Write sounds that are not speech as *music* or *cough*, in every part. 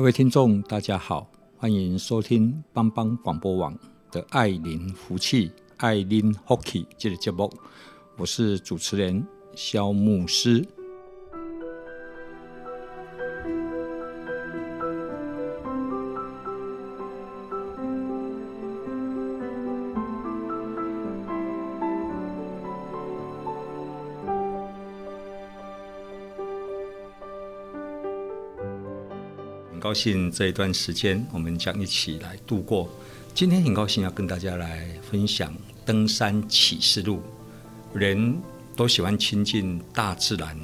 各位聽眾，大家好，歡迎收聽幫幫廣播網的愛鄰福氣，愛鄰福氣這個節目，我是主持人蕭牧師。很高興這一段時間我們將一起來度過。今天很高興要跟大家來分享《登山啟示錄》。人都喜歡親近大自然，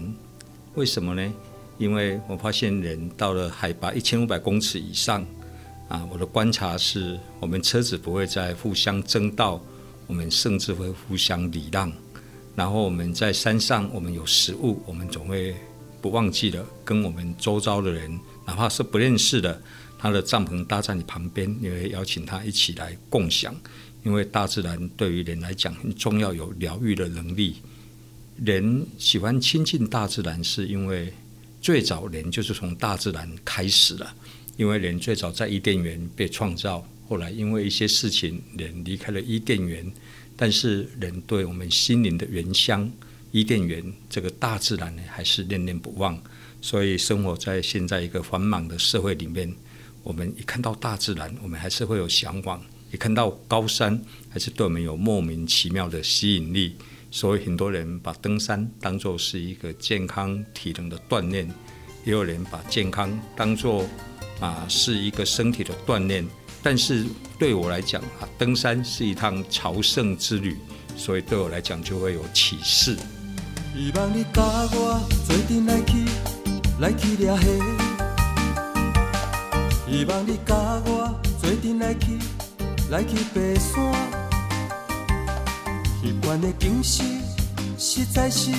為什麼呢？因為我發現人到了海拔一千五百公尺以上，啊，我的觀察是我們車子不會再互相爭道，我們甚至會互相禮讓。然後我們在山上，我們有食物，我們總會。忘記了跟我們周遭的人，哪怕是不認識的，他的帳篷搭在你旁邊，你會邀請他一起來共享。因為大自然對於人來講很重要，有療癒的能力。人喜歡親近大自然，是因為最早人就是從大自然開始了。因為人最早在伊甸園被創造，後來因為一些事情，人離開了伊甸園。但是人對我們心靈的原鄉。伊甸園這個大自然呢，還是念念不忘。所以生活在現在一個繁忙的社會裡面，我們一看到大自然，我們還是會有向往；一看到高山，還是對我們有莫名其妙的吸引力。所以很多人把登山當做是一個健康體能的鍛鍊，也有人把健康當做啊是一個身體的鍛鍊。但是對我來講啊，登山是一趟朝聖之旅，所以對我來講就會有啟示。希望你甲我做陣來去，來去掠蝦。希望你甲我做陣來去，來去爬山。溪邊的景色實在是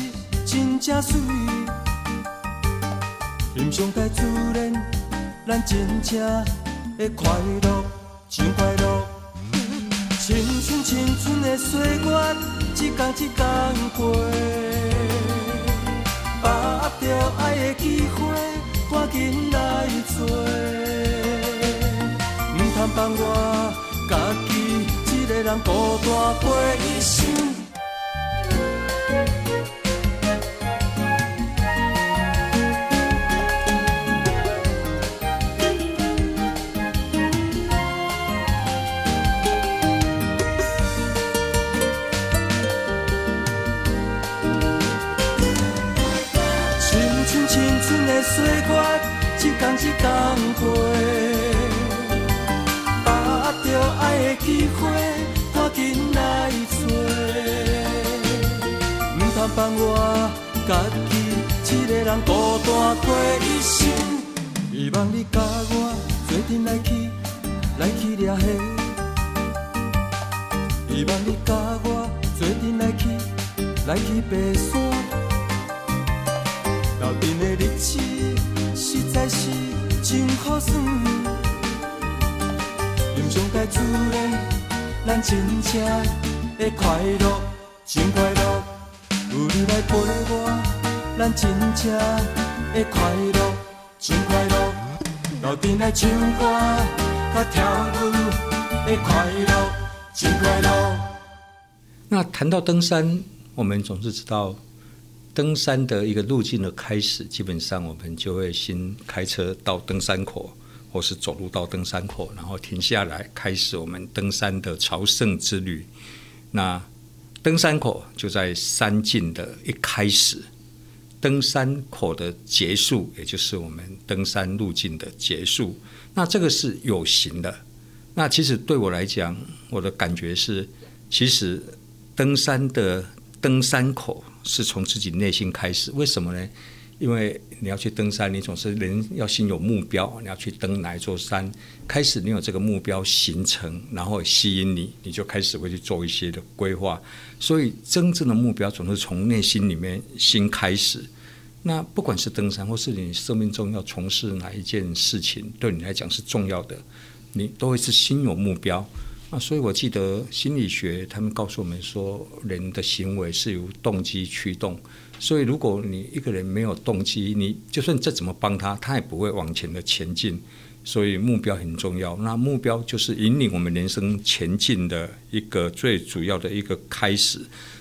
真正美。欣賞大自然，咱真正會快樂，真快樂。 *laughs* 青春，青春的歲月，一天一天過。把握着愛的機會，趕緊來追，唔通放我自己一個人孤單過一生。歲月一天一天過，把握愛的機會，趕緊來抓，唔通放我家己一個人孤單過一生。希望你甲我做陣來去，來去抓蝦。希望你甲我做陣來去，來去爬山。後邊的日子。應該是真好耍，人生該自然，咱真正會快樂，真快樂。有你來陪我，咱真正會快樂，真快樂。聊天來唱歌，甲跳舞，會快樂，真快樂。那談到登山，我們總是知道。登山的一個路徑的開始，基本上我們就會先開車到登山口，或是走路到登山口，然後停下來，開始我們登山的朝聖之旅。那登山口就在山徑的一開始，登山口的結束，也就是我們登山路徑的結束。那這個是有形的。那其實對我來講，我的感覺是，其實登山的登山口。是從自己內心開始，為什麼呢？因為你要去登山，你總是人要先有目標，你要去登哪一座山，開始你有這個目標形成，然後吸引你，你就開始會去做一些的規劃。所以真正的目標總是從內心裡面先開始。那不管是登山，或是你生命中要從事哪一件事情，對你來講是重要的，你都會是先有目標。那所以，我記得心理學他們告訴我們說，人的行為是由動機驅動。所以，如果你一個人沒有動機，你就算再怎麼幫他，他也不會往前的前進。所以，目標很重要。那目標就是引領我們人生前進的一個最主要的一個開始。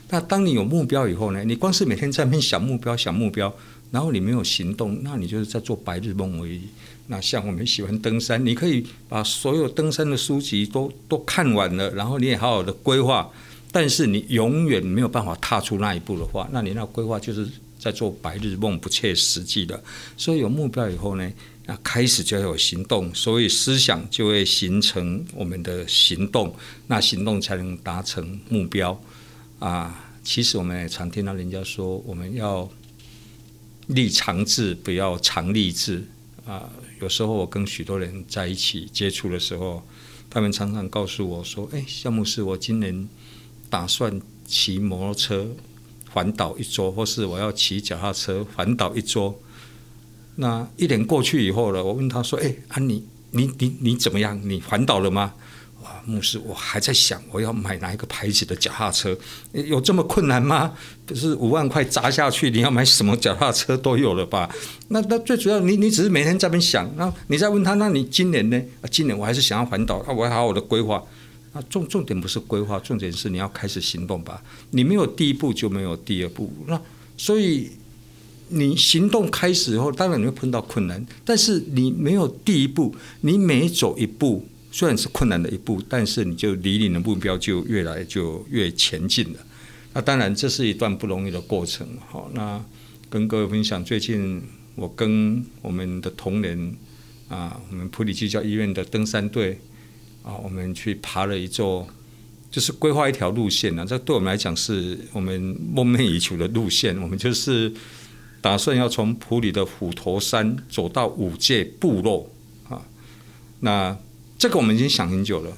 那當你有目標以後呢，你光是每天在那邊想目標、想目標，然後你沒有行動，那你就是在做白日夢而已。那像我們喜歡登山，你可以把所有登山的書籍都都看完了，然後你也好好的規劃。但是你永遠沒有辦法踏出那一步的話，那你那規劃就是在做白日夢，不切實際的。所以有目標以後呢，那開始就要有行動，所以思想就會形成我們的行動，那行動才能達成目標啊。其實我們也常聽到人家說，我們要立長志，不要常立志。啊，有時候我跟許多人在一起接觸的時候，他們常常告訴我說：“哎、欸，蕭牧師，我今年打算騎摩托車環島一周，或是我要騎腳踏車環島一周。”那一年過去以後了，我問他說：“哎、欸、啊你，你你你你怎麼樣？你環島了嗎？”啊，牧師，我還在想我要買哪一個牌子的腳踏車。有這麼困難嗎？可是五萬塊砸下去，你要買什麼腳踏車都有了吧？那那最主要，你你只是每天在那邊想，那你在問他，那你今年呢？啊，今年我還是想要環島，我要好好的規劃。那重重點不是規劃，重點是你要開始行動吧。你沒有第一步就沒有第二步。那所以你行動開始以後，當然你會碰到困難，但是你沒有第一步，你每一走一步。雖然是困難的一步，但是你就離你的目標就越來就越前進了。那當然，這是一段不容易的過程。好，那跟各位分享，最近我跟我們的同仁啊，我們埔里基督教醫院的登山隊啊，我們去爬了一座，就是規劃一條路線那、啊、這對我們來講，是我們夢寐以求的路線。我們就是打算要從埔里的虎頭山走到武界部落啊。那這個我們已經想很久了，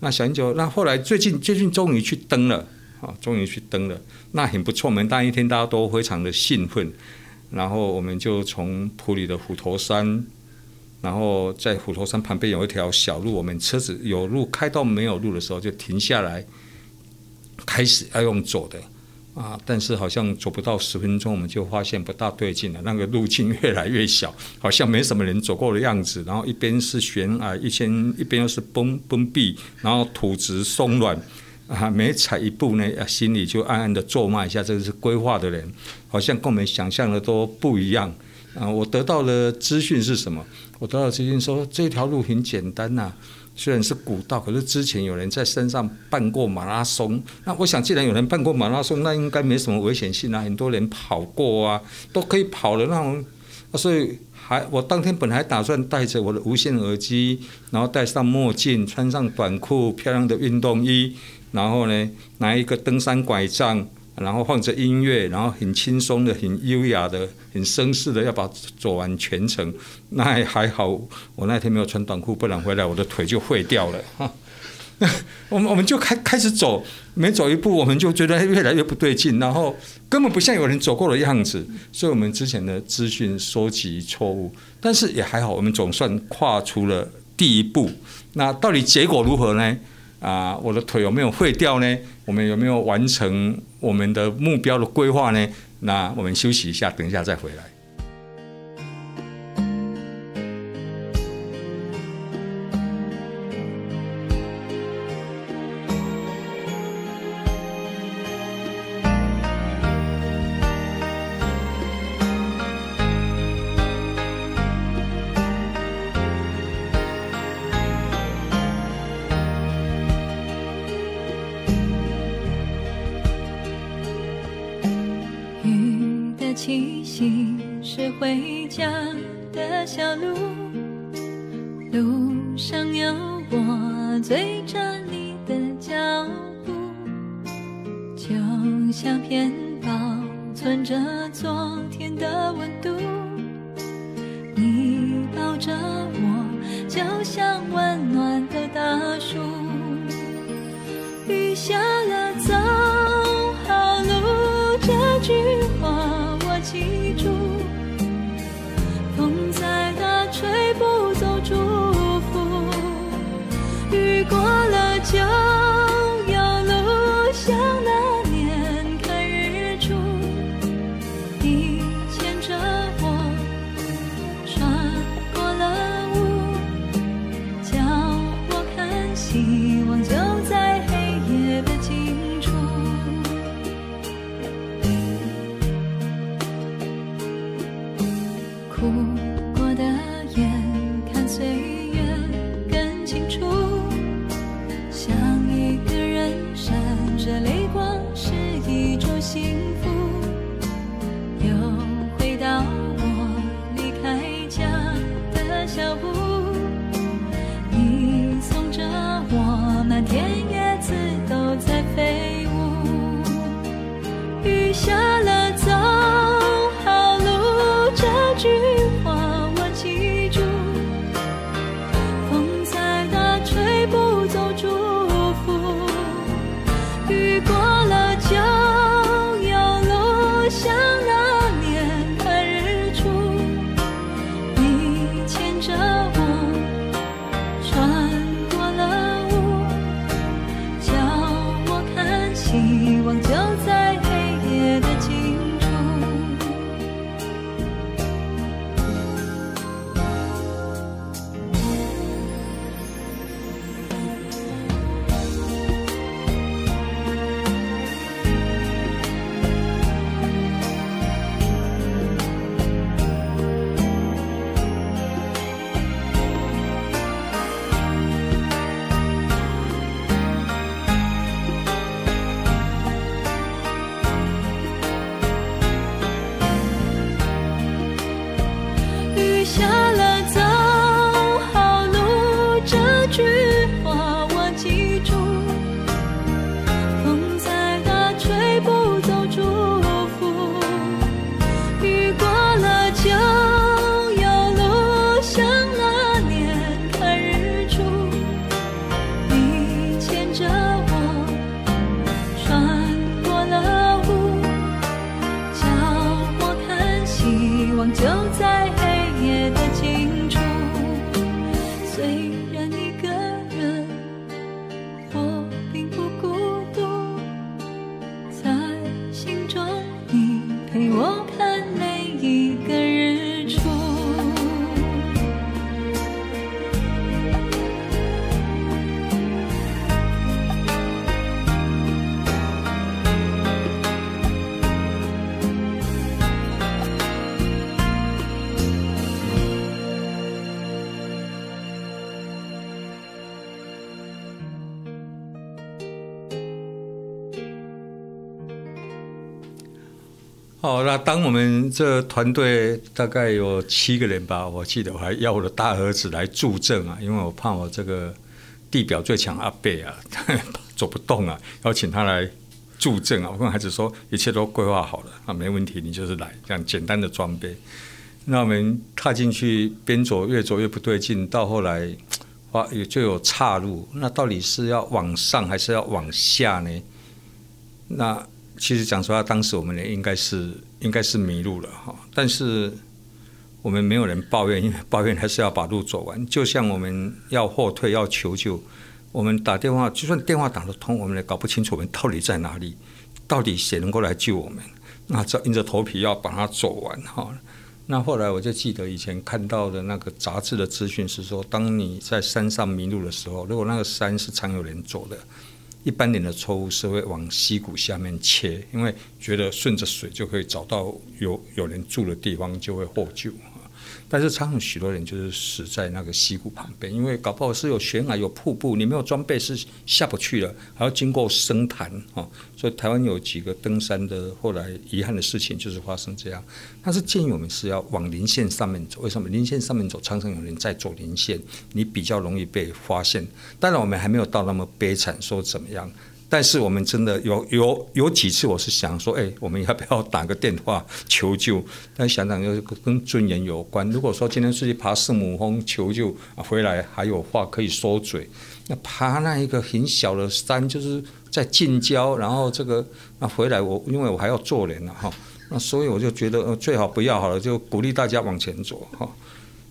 那想很久，那後來最近最近終於去登了，啊，終於去登了，那很不錯。我們那一天大家都非常的興奮，然後我們就從埔里的虎頭山，然後在虎頭山旁邊有一條小路，我們車子有路開到沒有路的時候就停下來，開始要用走的。啊，但是好像走不到十分鐘，我們就發現不大對勁了。那個路徑越來越小，好像沒什麼人走過的樣子。然後一邊是懸崖，一邊一邊又是崩崩壁，然後土質鬆軟，啊，每踩一步呢，心裡就暗暗的咒罵一下，這是規劃的人，好像跟我們想象的都不一樣。啊，我得到的資訊是什麼？我得到資訊說這條路很簡單吶，啊。雖然是古道，可是之前有人在山上辦過馬拉松。那我想，既然有人辦過馬拉松，那應該沒什麼危險性啊。很多人跑過啊，都可以跑的那種，所以還我當天本來打算戴着我的無線耳機，然後戴上墨鏡，穿上短褲、漂亮的運動衣，然後呢拿一個登山拐杖。然後放着音樂，然後很輕鬆的、很優雅的、很紳士的，要把它走完全程，那還好。我那天沒有穿短褲，不然回來我的腿就廢掉了。哈、啊，我們我們就開開始走，每走一步，我們就覺得越來越不對勁，然後根本不像有人走過的樣子。所以，我們之前的資訊收集錯誤，但是也還好，我們總算跨出了第一步。那到底結果如何呢？啊，我的腿有沒有廢掉呢？我們有沒有完成我們的目標的規劃呢？那我們休息一下，等一下再回來。保存着昨天的溫度，你抱着我，就像溫暖的大樹。雨下。當我們這團隊大概有七個人吧，我記得我還要我的大兒子來助陣啊，因為我怕我這個地表最強阿伯啊 *laughs* 走不動啊，要請他來助陣啊。我跟孩子說，一切都規劃好了，啊，沒問題，你就是來。這樣簡單的裝備，那我們踏進去，邊走越走越不對勁，到後來哇，也就有岔路。那到底是要往上還是要往下呢？那其實講實話，當時我們呢，應該是。應該是迷路了哈，但是我們沒有人抱怨，因為抱怨還是要把路走完。就像我們要後退，要求救，我們打電話，就算電話打得通，我們也搞不清楚我們到底在哪裡，到底誰能夠來救我們？那就硬着頭皮要把它走完哈。那後來我就記得以前看到的那個雜誌的資訊是說，當你在山上迷路的時候，如果那個山是常有人走的。一般人的錯誤是會往溪谷下面切，因為覺得順着水就可以找到有有人住的地方，就會獲救。但是常常許多人就是死在那個溪谷旁邊，因為搞不好是有懸崖、有瀑布，你沒有裝備是下不去的。還要經過深潭哦。所以台灣有幾個登山的後來遺憾的事情就是發生這樣。但是建議我們是要往稜線上面走，為什麼？稜線上面走，常常有人在走稜線，你比較容易被發現。當然我們還沒有到那麼悲慘，說怎麼樣。但是我們真的有有有幾次，我是想說，哎、欸，我們要不要打個電話求救？但想想又跟尊嚴有關。如果說今天出去爬聖母峰求救啊，回來還有話可以說嘴，那爬那一個很小的山，就是在近郊，然後這個那回來我因為我還要做人了哈，那所以我就覺得最好不要好了，就鼓勵大家往前走哈。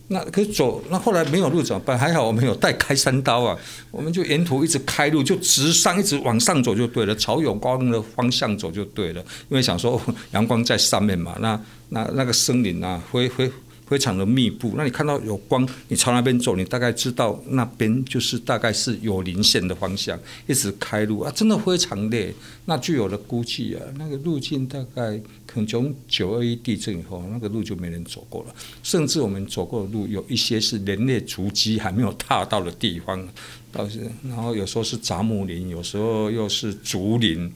那可走，那後來沒有路怎麼辦？還好我們有帶開山刀啊，我們就沿途一直開路，就直上一直往上走就對了，朝有光的方向走就對了，因為想說、哦、陽光在上面嘛。那那那個森林啊，非非非常的密布，那你看到有光，你朝那邊走，你大概知道那邊就是大概是有林線的方向，一直開路啊，真的非常累。那據我的估計啊，那個路徑大概。從九二一地震以後，那個路就沒人走過了。甚至我們走過的路，有一些是人類足跡還沒有踏到的地方。到是，然後有時候是雜木林，有時候又是竹林。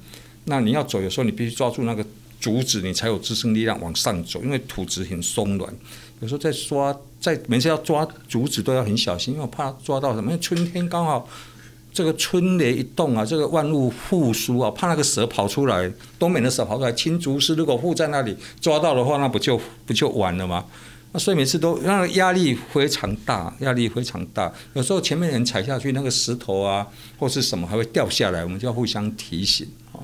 那你要走，有時候你必須抓住那個竹子，你才有支撐力量往上走，因為土質很鬆軟。有時候在抓，在每次要抓竹子都要很小心，因為我怕抓到什麼。春天剛好，這個春雷一動啊，這個萬物復甦啊，怕那個蛇跑出來，冬眠的蛇跑出來，青竹絲如果護在那裡，抓到的話，那不就不就完了嗎？那所以每次都讓、那個、壓力非常大，壓力非常大。有時候前面人踩下去那個石頭啊，或是什麼還會掉下來，我們就要互相提醒啊。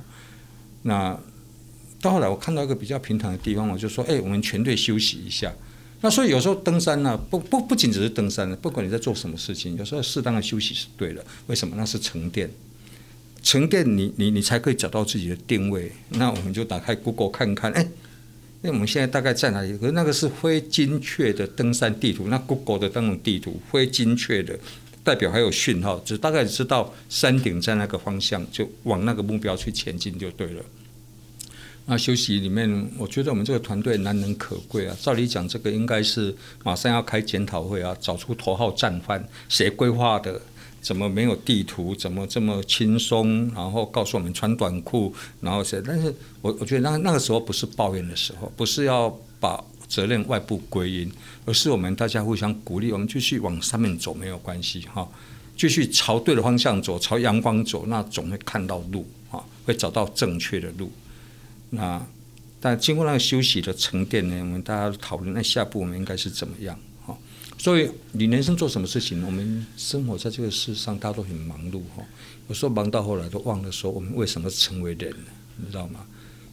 那到後來我看到一個比較平坦的地方，我就說：“哎，我們全隊休息一下。”那所以有時候登山呢、啊，不不不僅只是登山、啊，不管你在做什麼事情，有時候適當的休息是對的。為什麼？那是沉澱，沉澱你你你才可以找到自己的定位。那我們就打開 Google 看看，哎、欸，那、欸、我們現在大概在哪裡？可是那個是非精確的登山地圖，那 Google 的那種地圖非精確的，代表還有訊號，只大概知道山頂在那個方向，就往那個目標去前進就對了。那休息裡面，我覺得我們這個團隊難能可貴啊。照理講，這個應該是馬上要開檢討會啊，找出頭號戰犯，誰規劃的？怎麼沒有地圖？怎麼這麼輕鬆？然後告訴我們穿短褲，然後誰？但是我我覺得那那個時候不是抱怨的時候，不是要把責任外部歸因，而是我們大家互相鼓勵，我們繼續往上面走沒有關係哈、哦，繼續朝對的方向走，朝陽光走，那總會看到路啊、哦，會找到正確的路。那但經過那個休息的沉澱呢，我們大家討論，那下一步我們應該是怎麼樣？哈，所以你人生做什麼事情？我們生活在這個世上，大家都很忙碌哈。有時候忙到後來都忘了說我們為什麼成為人，你知道嗎？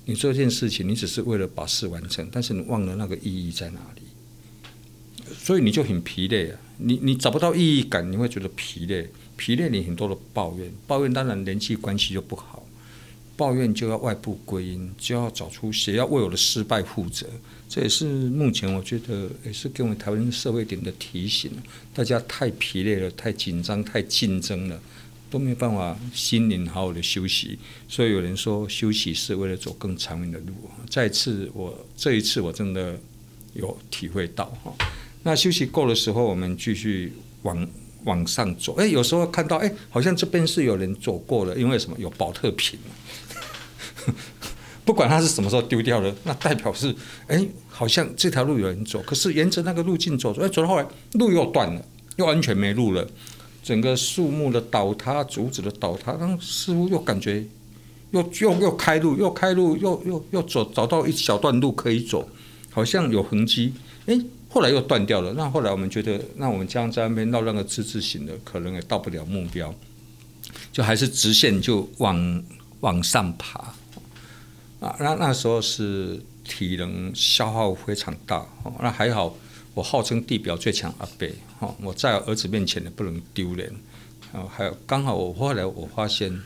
你做一件事情，你只是為了把事完成，但是你忘了那個意義在哪裡，所以你就很疲累啊。你你找不到意義感，你會覺得疲累，疲累你很多的抱怨，抱怨當然人際關係就不好。抱怨就要外部歸因，就要找出誰要為我的失敗負責。這也是目前我覺得也是給我們台灣社會點的提醒，大家太疲累了，太緊張，太競爭了，都沒有辦法心靈好好的休息。所以有人說，休息是為了走更長遠的路。再次我，我這一次我真的有體會到哈。那休息夠的時候，我們繼續往往上走。誒，有時候看到誒，好像這邊是有人走過了，因為什麼有寶特瓶。 *laughs* 不管他是什麼時候丟掉的，那代表是，哎，好像這條路有人走，可是沿着那個路徑走，哎，走到後來路又斷了，又完全沒路了。整個樹木的倒塌，竹子的倒塌，那似乎又感覺，又又又開路，又開路，又又又走，找到一小段路可以走，好像有痕迹。哎，後來又斷掉了。那後來我們覺得，那我們這樣在那邊繞那個之字形的，可能也到不了目標，就還是直線，就往往上爬。啊，那那時候是體能消耗非常大，那還好，我號稱地表最強阿伯，哦，我在我兒子面前也不能丟臉，啊，還有剛好我後來我發現，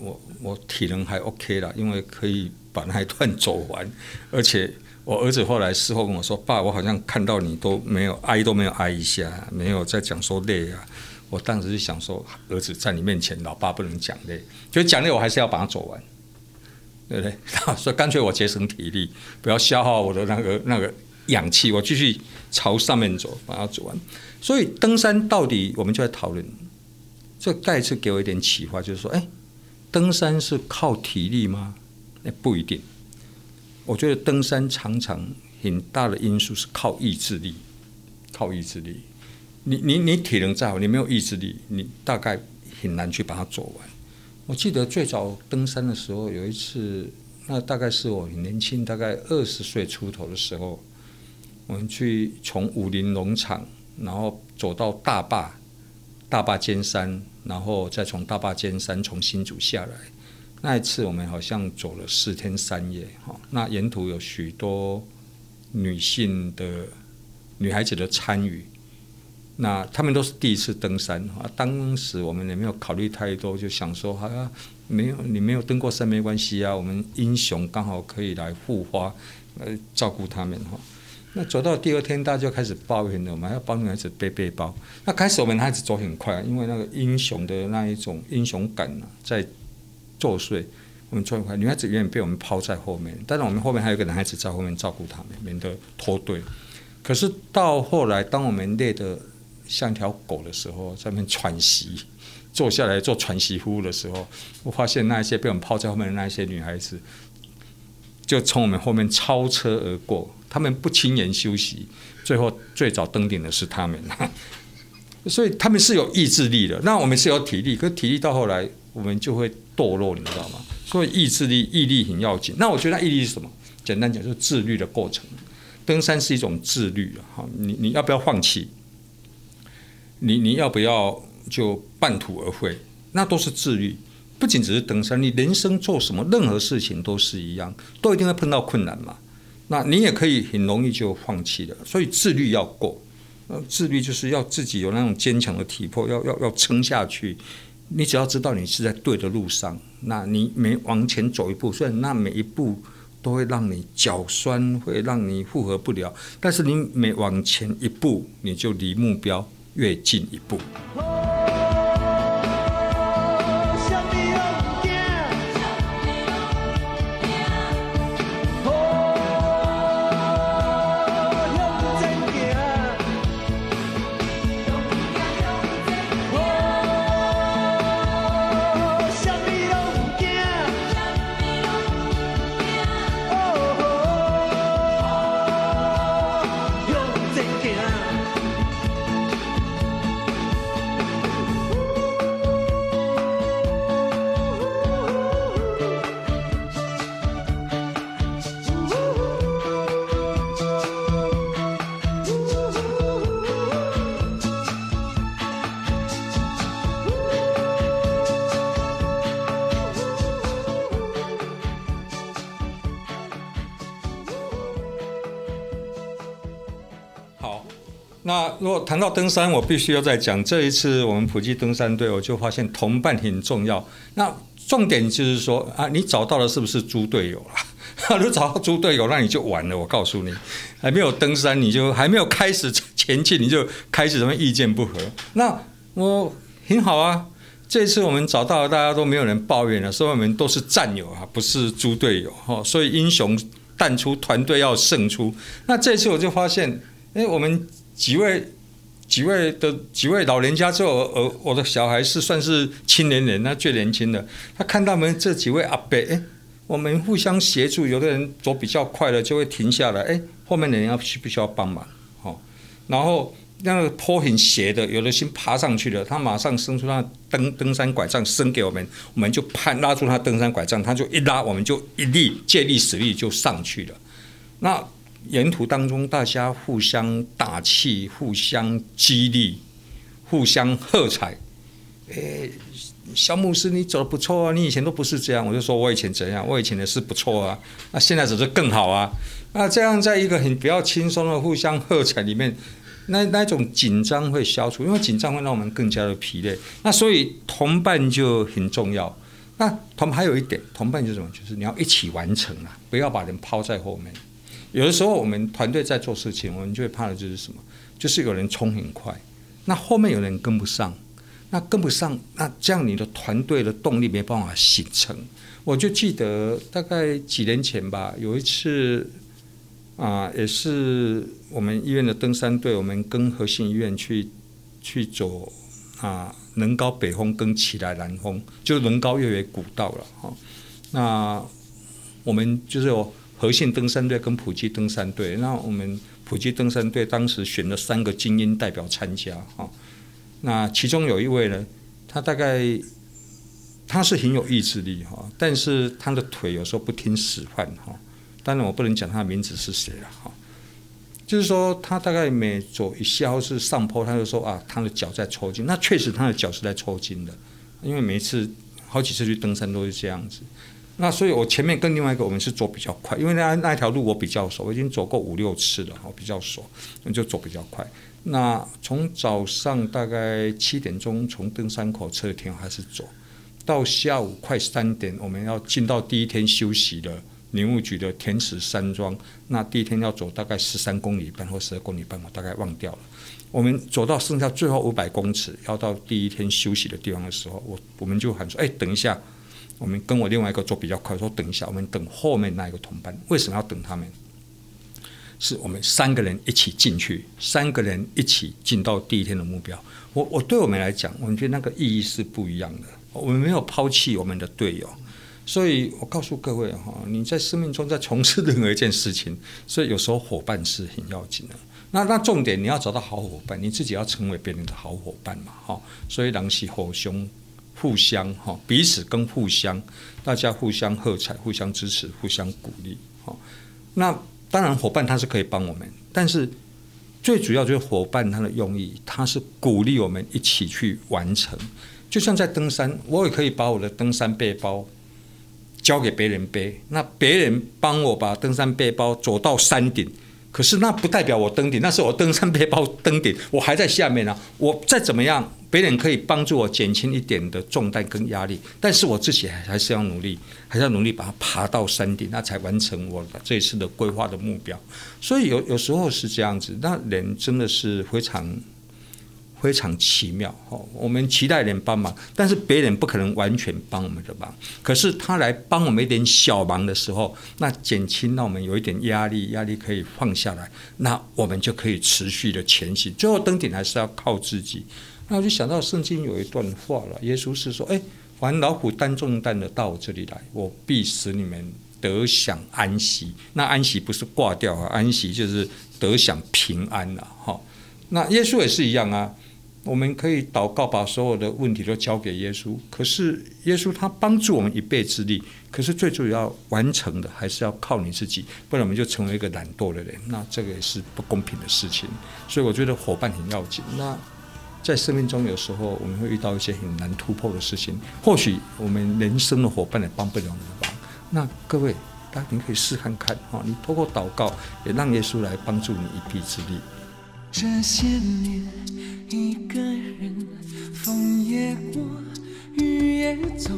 我我體能還 OK 啦，因為可以把那一段走完，而且我兒子後來事後跟我說，爸，我好像看到你都沒有挨都沒有挨一下，沒有在講說累啊，我當時就想說，兒子在你面前，老爸不能講累，就講累我還是要把它走完。對不對？ *laughs* 所以乾脆我節省體力，不要消耗我的那個那個氧氣，我繼續朝上面走，把它走完。所以登山到底，我們就在討論。這再一次給我一點啟發，就是說，哎，登山是靠體力嗎？那不一定。我覺得登山常常很大的因素是靠意志力，靠意志力。你你你體能再好，你沒有意志力，你大概很難去把它做完。我記得最早登山的時候，有一次，那大概是我年輕，大概二十歲出頭的時候，我們去從武陵農場，然後走到大霸，大霸尖山，然後再從大霸尖山從新竹下來。那一次我們好像走了四天三夜，哈，那沿途有許多女性的女孩子的參與。那他們都是第一次登山，當時我們也沒有考慮太多，就想說，好、啊、像沒有，你沒有登過山沒關係啊。我們英雄剛好可以來護花，來照顧他們哈。那走到第二天，大家就開始抱怨了，我們還要幫女孩子背背包。那開始我們男孩子走很快，因為那個英雄的那一種英雄感、啊、在作祟，我們走很快，女孩子永遠被我們拋在後面。但是我們後面還有個男孩子在後面照顧他們，免得脫隊。可是到後來，當我們累的。像條狗的時候，在那邊喘息，坐下來做喘息呼的時候，我發現那些被我們拋在後面的那些女孩子，就從我們後面超車而過。他們不輕言休息，最後最早登頂的是他們。 *laughs* 所以他們是有意志力的。那我們是有體力，可是體力到後來我們就會墮落，你知道嗎？所以意志力、毅力很要緊。那我覺得那毅力是什麼？簡單講，就是自律的過程。登山是一種自律啊！哈，你你要不要放棄？你你要不要就半途而廢？那都是自律，不僅只是登山，你人生做什麼，任何事情都是一樣，都一定會碰到困難嘛。那你也可以很容易就放棄了，所以自律要過。呃，自律就是要自己有那種堅強的體魄，要要要撐下去。你只要知道你是在對的路上，那你每往前走一步，雖然那每一步都會讓你腳酸，會讓你負荷不了。但是你每往前一步，你就離目標越進一步。那如果談到登山，我必須要再講這一次我們普及登山隊，我就發現同伴很重要。那重點就是說啊，你找到了是不是豬隊友啊？哈，如果找到豬隊友，那你就完了。我告訴你，還沒有登山，你就還沒有開始前進，你就開始什麼意見不合。那我很好啊，這一次我們找到了，大家都沒有人抱怨了、啊，所以我們都是戰友啊，不是豬隊友哈。所以英雄淡出，團隊要勝出。那這一次我就發現，哎、欸，我們。幾位、幾位的幾位老人家之後，呃，我的小孩是算是青年人，他最年輕的。他看到我們這幾位阿伯，哎、欸，我們互相協助，有的人走比較快了，就會停下來，哎、欸，後面的人要需不需要幫忙，哦，然後那個坡很斜的，有的先爬上去了，他馬上伸出他登登山拐杖，伸給我們，我們就攀拉住他登山拐杖，他就一拉，我們就一力借力使力就上去了。那。沿途當中，大家互相打氣，互相激勵，互相喝彩。誒、欸，小牧師，你走得不錯啊！你以前都不是這樣，我就說我以前怎樣，我以前也是不錯啊。那、啊、現在只是更好啊。那、啊、這樣在一個很比較輕鬆的互相喝彩裡面，那那種緊張會消除，因為緊張會讓我們更加的疲累。那所以同伴就很重要。那同還有一點，同伴就是什麼？就是你要一起完成啊，不要把人拋在後面。有的時候，我們團隊在做事情，我們就怕的就是什麼，就是有人衝很快，那後面有人跟不上，那跟不上，那這樣你的團隊的動力沒辦法形成。我就記得大概幾年前吧，有一次，啊、呃，也是我們醫院的登山隊，我們跟和信醫院去去走啊，能、呃、高北峰跟奇萊南峰就能高越野古道了哈、哦。那我們就是有。德信登山隊跟普吉登山隊，那我們普吉登山隊當時選了三個精英代表參加哈，那其中有一位呢，他大概他是很有意志力哈，但是他的腿有時候不聽使喚哈，當然我不能講他的名字是誰了哈，就是說他大概每走一下或是上坡，他就說啊，他的腳在抽筋，那確實他的腳是在抽筋的，因為每次好幾次去登山都是這樣子。那所以，我前面跟另外一個，我們是走比較快，因為那那條路我比較熟，我已經走過五六次了，哈，我比較熟，那就走比較快。那從早上大概七點鐘從登山口車停開始走到下午快三點，我們要進到第一天休息的林務局的天池山莊。那第一天要走大概十三公里半或十二公里半，我大概忘掉了。我們走到剩下最後五百公尺，要到第一天休息的地方的時候，我我們就喊說：“哎、欸，等一下。”我們跟我另外一個做比較快，說等一下，我們等後面那一個同伴。為什麼要等他們？是我們三個人一起進去，三個人一起進到第一天的目標。我我對我們來講，我覺得那個意義是不一樣的。我們沒有拋棄我們的隊友，所以我告訴各位哈，你在生命中在從事任何一件事情，所以有時候伙伴是很要緊的。那那重點你要找到好伙伴，你自己要成為別人的好伙伴嘛哈。所以人是夥伴。互相哈，彼此跟互相，大家互相喝彩，互相支持，互相鼓勵哈。那當然，夥伴他是可以幫我們，但是最主要就是夥伴他的用意，他是鼓勵我們一起去完成。就像在登山，我也可以把我的登山背包交給別人背，那別人幫我把登山背包走到山頂。可是那不代表我登頂，那是我登山背包登頂，我還在下面呢、啊。我再怎麼樣，別人可以幫助我減輕一點的重擔跟壓力，但是我自己還是要努力，還是要努力把它爬到山頂，那才完成我這一次的規劃的目標。所以有有時候是這樣子，那人真的是非常，非常奇妙，我們期待人幫忙，但是別人不可能完全幫我們的忙。可是他來幫我們一點小忙的時候，那減輕了我們有一點壓力，壓力可以放下來，那我們就可以持續的前行。最後登頂還是要靠自己。那我就想到聖經有一段話了，耶穌是說：“哎，凡勞苦擔重擔的，到我這裡來，我必使你們得享安息。”那安息不是掛掉啊，安息就是得享平安了，哈。那耶穌也是一樣啊。我們可以禱告，把所有的問題都交給耶穌。可是耶穌他幫助我們一臂之力，可是最主要完成的還是要靠你自己，不然我們就成為一個懶惰的人。那這個也是不公平的事情。所以我覺得夥伴很要緊。那在生命中有時候我們會遇到一些很難突破的事情，或許我們人生的夥伴也幫不了我們的忙。那各位，大家你可以試看看哈，你透過禱告也讓耶穌來幫助你一臂之力。這些年。一個人，風也過，雨也走。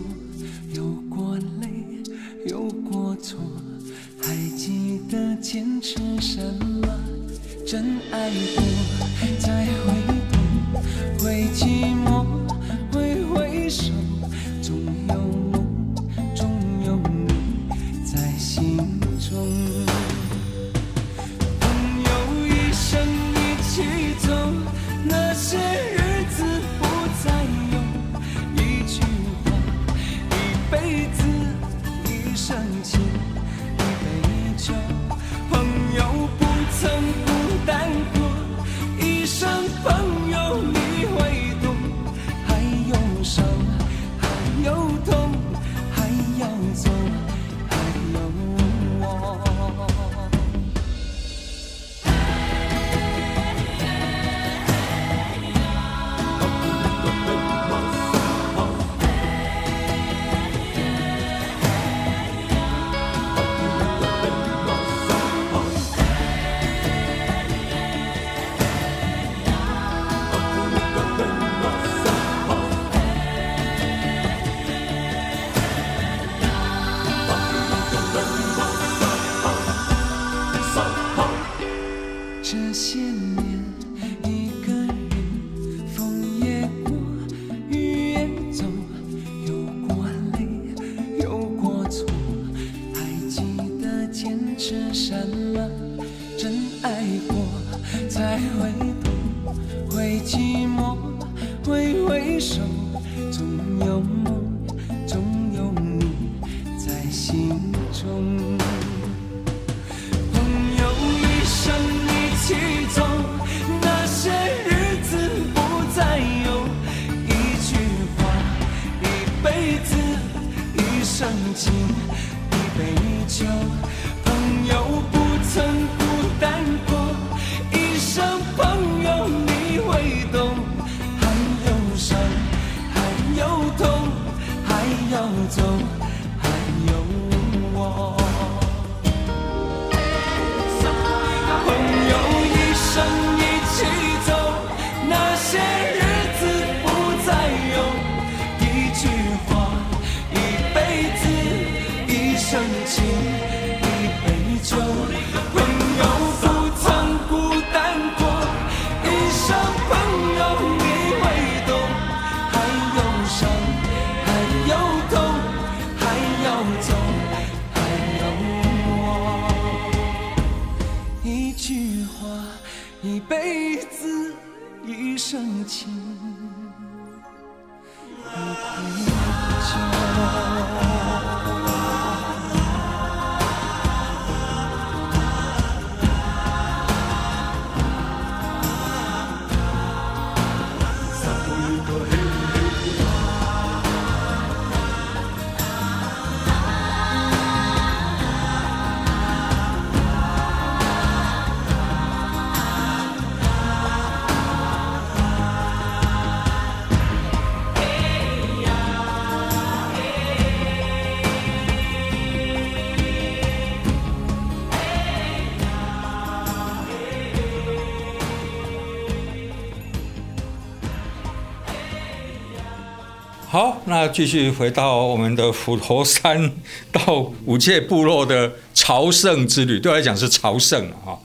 繼續回到我們的斧頭山到五界部落的朝聖之旅，對我來講是朝聖啊。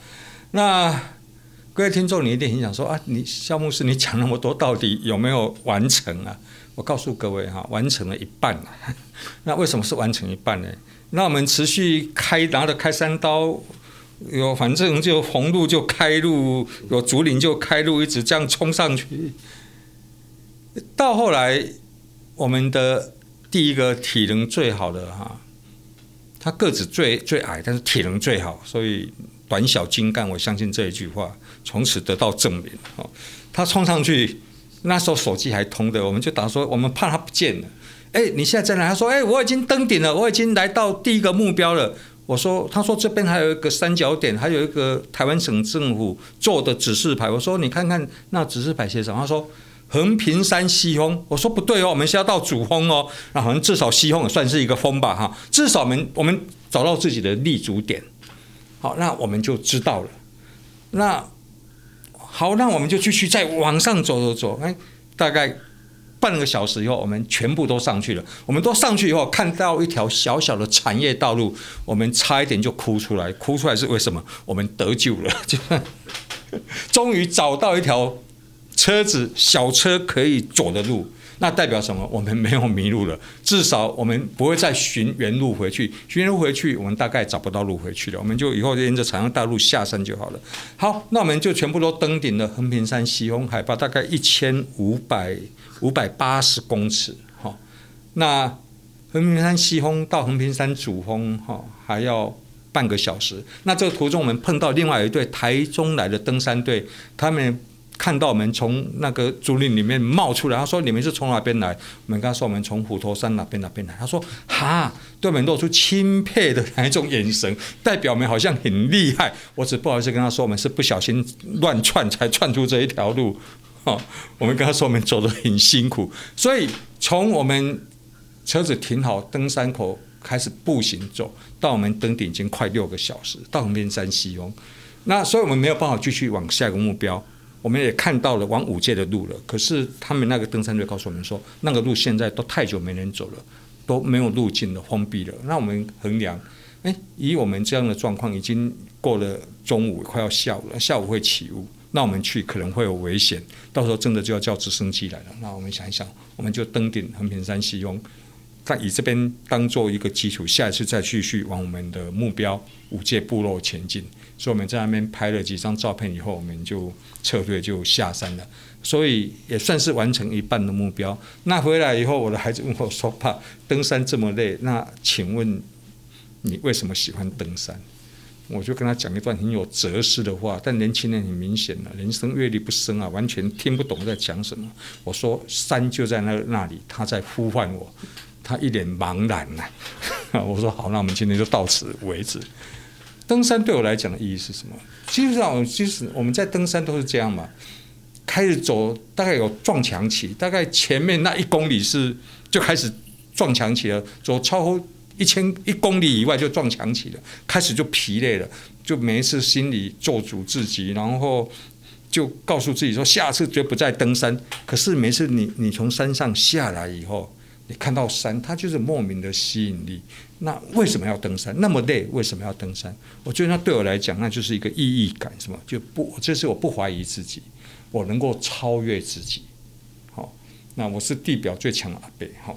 那各位聽眾，你一定很想說啊，你蕭牧師你講那麼多，到底有沒有完成啊？我告訴各位哈、啊，完成了一半。那為什麼是完成一半呢？那我們持續開拿着開山刀，有反正就紅路就開路，有竹林就開路，一直這樣衝上去，到後來。我們的第一個體能最好的哈，他個子最最矮，但是體能最好，所以短小精幹，我相信這一句話從此得到證明。好，他衝上去，那時候手機還通的，我們就打說，我們怕他不見了。哎，你現在在哪？他說：哎，我已經登頂了，我已經來到第一個目標了。我說：他說這邊還有一個三角點，還有一個台灣省政府做的指示牌。我說：你看看那指示牌寫什麼？他說。橫屏山西峰，我說不對哦，我們是要到主峰哦。那好像至少西峰也算是一個峰吧，哈，至少我們我們找到自己的立足點。好，那我們就知道了。那好，那我們就繼續再往上走走走。哎，大概半個小時以後，我們全部都上去了。我們都上去以後，看到一條小小的產業道路，我們差一點就哭出來。哭出來是為什麼？我們得救了，就 *laughs* 算終於找到一條。車子小車可以走的路，那代表什麼？我們沒有迷路了，至少我們不會再循原路回去。循原路回去，我們大概找不到路回去了。我們就以後沿着長江大路下山就好了。好，那我們就全部都登頂了。橫平山西峰海拔大概一千五百五百八十公尺，哈。那橫平山西峰到橫平山主峰，哈，還要半個小時。那這個途中，我們碰到另外一隊台中來的登山隊，他們。看到我們從那個竹林裡面冒出來，他說：“你們是從哪邊來？”我們跟他說：“我們從虎頭山那邊那邊來。”他說：“哈！”對，我們露出欽佩的那一種眼神，代表我們好像很厲害。我只不好意思跟他說，我們是不小心亂竄才竄出這一條路。哦，我們跟他說我們走得很辛苦，所以從我們車子停好登山口開始步行走到我們登頂，已經快六個小時，到紅邊山西峰。那所以我們沒有辦法繼續往下一個目標。我們也看到了往五屆的路了，可是他們那個登山隊告訴我們說，那個路現在都太久沒人走了，都沒有路徑了，封閉了。那我們衡量，哎、欸，以我們這樣的狀況，已經過了中午，快要下午了，下午會起霧，那我們去可能會有危險，到時候真的就要叫直升機來了。那我們想一想，我們就登頂橫屏山西峰。他以這邊當做一個基礎，下一次再繼續往我們的目標五界部落前進。所以我們在那邊拍了幾張照片以後，我們就撤退就下山了。所以也算是完成一半的目標。那回來以後，我的孩子問我說：“爸，登山這麼累，那請問你為什麼喜歡登山？”我就跟他講一段很有哲思的話，但年輕人很明顯了、啊，人生閱歷不深啊，完全聽不懂在講什麼。我說：“山就在那那裡，他在呼喚我。”他一臉茫然吶、啊，我說好，那我們今天就到此為止。登山對我來講的意義是什麼？基本上，其實、啊、我們在登山都是這樣嘛，開始走大概有撞牆期，大概前面那一公里是就開始撞牆期了，走超乎一千一公里以外就撞牆期了，開始就疲累了，就每一次心裡做主自己，然後就告訴自己說下次絕不再登山。可是每次你你從山上下來以後。看到山，它就是莫名的吸引力。那為什麼要登山？那麼累，為什麼要登山？我覺得那對我來講，那就是一個意義感，什麼就不，這是我不懷疑自己，我能夠超越自己。好，那我是地表最強的阿北。哈，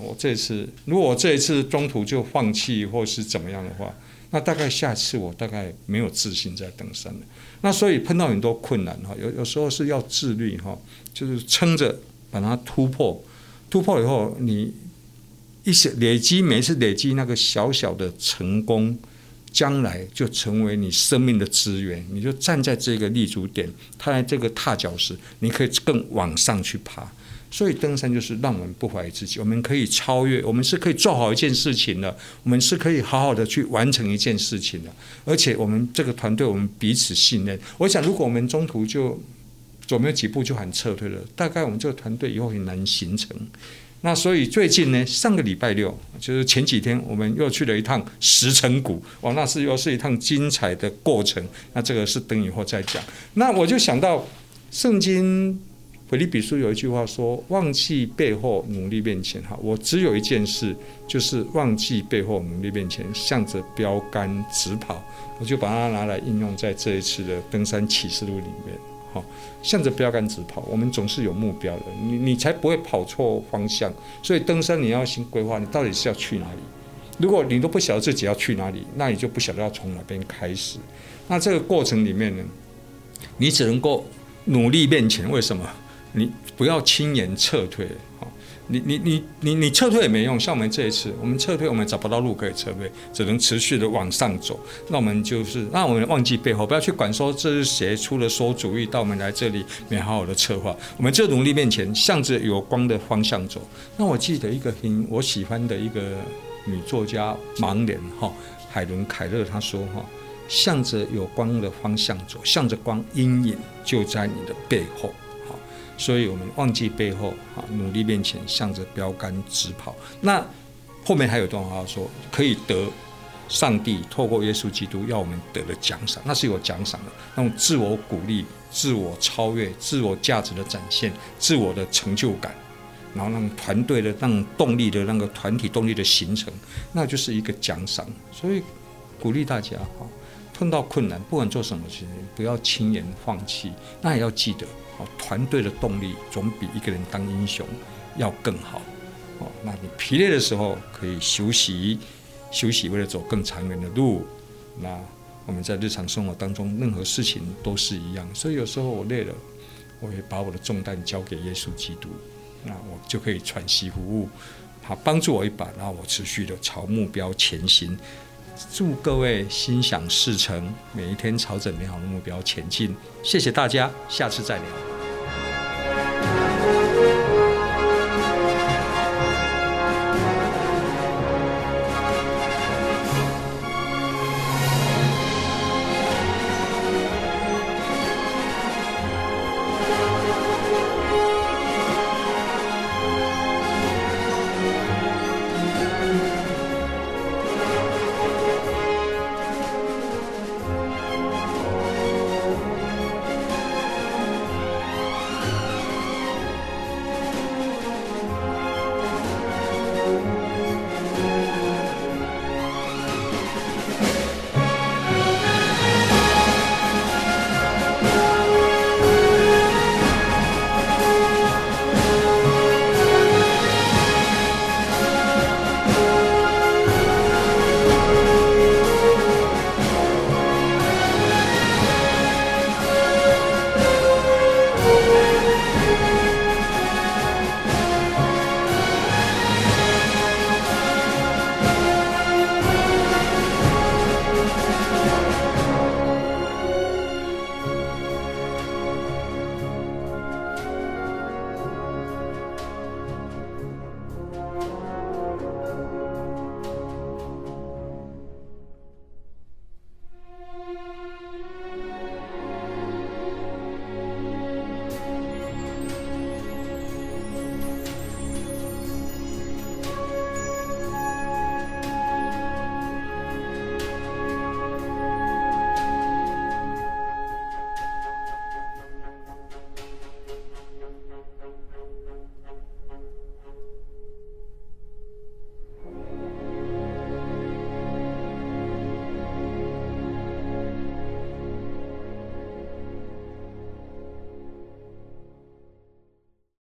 我這次如果我這一次中途就放棄或是怎麼樣的話，那大概下次我大概沒有自信再登山了。那所以碰到很多困難，哈，有有時候是要自律，哈，就是撐着把它突破。突破以後，你一些累積，每次累積那個小小的成功，將來就成為你生命的資源。你就站在這個立足點，踏在這個踏腳石，你可以更往上去爬。所以登山就是讓我們不懷疑自己，我們可以超越，我們是可以做好一件事情的，我們是可以好好的去完成一件事情的。而且我們這個團隊，我們彼此信任。我想，如果我們中途就走沒有幾步就喊撤退了，大概我們這個團隊以後很難形成。那所以最近呢，上個禮拜六就是前幾天，我們又去了一趟石城谷，哇，那是又是一趟精彩的過程。那這個是等以後再講。那我就想到《聖經》腓立比書有一句話說：“忘記背後，努力面前。”哈，我只有一件事，就是忘記背後，努力面前，向着標杆直跑。我就把它拿來應用在這一次的登山啟示錄裡面。好，向着標杆直跑，我們總是有目標的，你你才不會跑錯方向。所以登山你要先規劃，你到底是要去哪裡？如果你都不曉得自己要去哪裡，那你就不曉得要從哪邊開始。那這個過程裡面呢，你只能夠努力面前。為什麼？你不要輕言撤退。你你你你你撤退也沒用，像我們這一次，我們撤退，我們找不到路可以撤退，只能持續的往上走。那我們就是，那我們忘記背後，不要去管說這是誰出了餿主意，到我們來這裡沒好好的策劃，我們就努力面前，向着有光的方向走。那我記得一個很我喜歡的一個女作家盲人哈，海倫凱勒她說哈，向着有光的方向走，向着光，陰影就在你的背後。所以，我們忘記背後啊，努力面前，向着標杆直跑。那後面還有一段話說，可以得上帝透過耶穌基督要我們得的獎賞，那是有獎賞的。那種自我鼓勵、自我超越、自我價值的展現、自我的成就感，然後那種團隊的那種動力的那個團體動力的形成，那就是一個獎賞。所以，鼓勵大家啊碰到困難，不管做什麼事情，不要輕言放棄。那也要記得，哦，團隊的動力總比一個人當英雄要更好。哦，那你疲累的時候，可以休息，休息為了走更長遠的路。那我們在日常生活當中，任何事情都是一樣。所以有時候我累了，我會把我的重擔交給耶穌基督，那我就可以喘息，服務，他幫助我一把，然後我持續的朝目標前行。祝各位心想事成，每一天朝着美好的目標前進。謝謝大家，下次再聊。